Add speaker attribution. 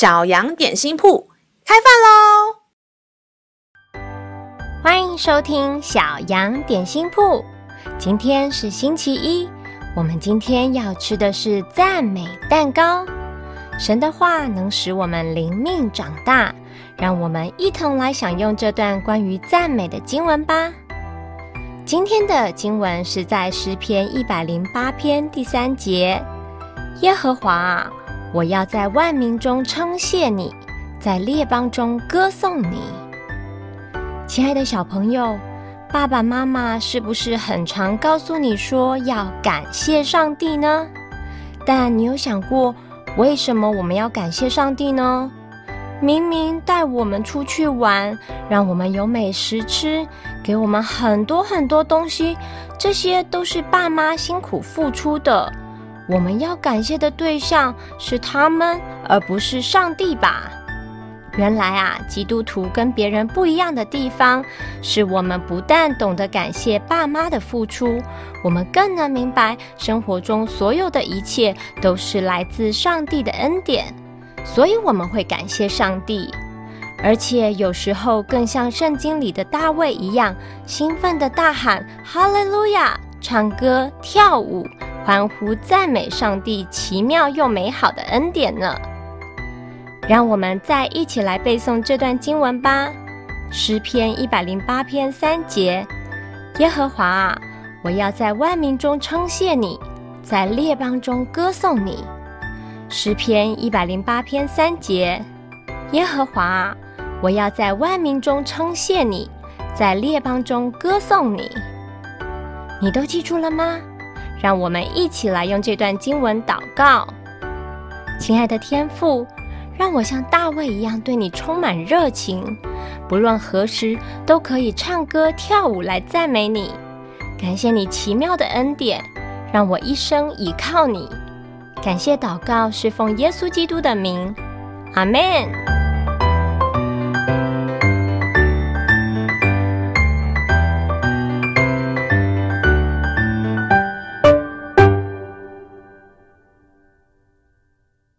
Speaker 1: 小羊點心鋪開飯嘍！歡迎收聽小羊點心鋪。今天是星期一，我們今天要吃的是讚美蛋糕。神的話能使我們靈命長大，讓我們一同來享用這段關於讚美的經文吧。今天的經文是在詩篇一百零八篇第三節，耶和華，我要在萬民中稱謝你，在列邦中歌頌你。親愛的小朋友，爸爸媽媽是不是很常告訴你說要感謝上帝呢？但你有想過，為什麼我們要感謝上帝呢？明明帶我們出去玩，讓我們有美食吃，給我們很多很多東西，這些都是爸媽辛苦付出的。我們要感謝的對象是他們，而不是上帝吧？原來啊，基督徒跟別人不一樣的地方，是我們不但懂得感謝爸媽的付出，我們更能明白生活中所有的一切都是來自上帝的恩典，所以我們會感謝上帝，而且有時候更像聖經裡的大衛一樣，興奮地大喊“哈利路亞”，唱歌跳舞。歡呼讚美上帝奇妙又美好的恩典呢！讓我們再一起來背誦這段經文吧，《詩篇一百零八篇三節》：耶和華啊，我要在萬民中稱謝你，在列邦中歌頌你。《詩篇一百零八篇三節》：耶和華，我要在萬民中稱謝你，在列邦中歌頌你。你都記住了嗎？讓我們一起來用這段經文禱告，親愛的天父，讓我像大衛一樣對你充滿熱情，不論何時都可以唱歌跳舞來讚美你。感謝你奇妙的恩典，讓我一生倚靠你。感謝禱告是奉耶穌基督的名，阿門。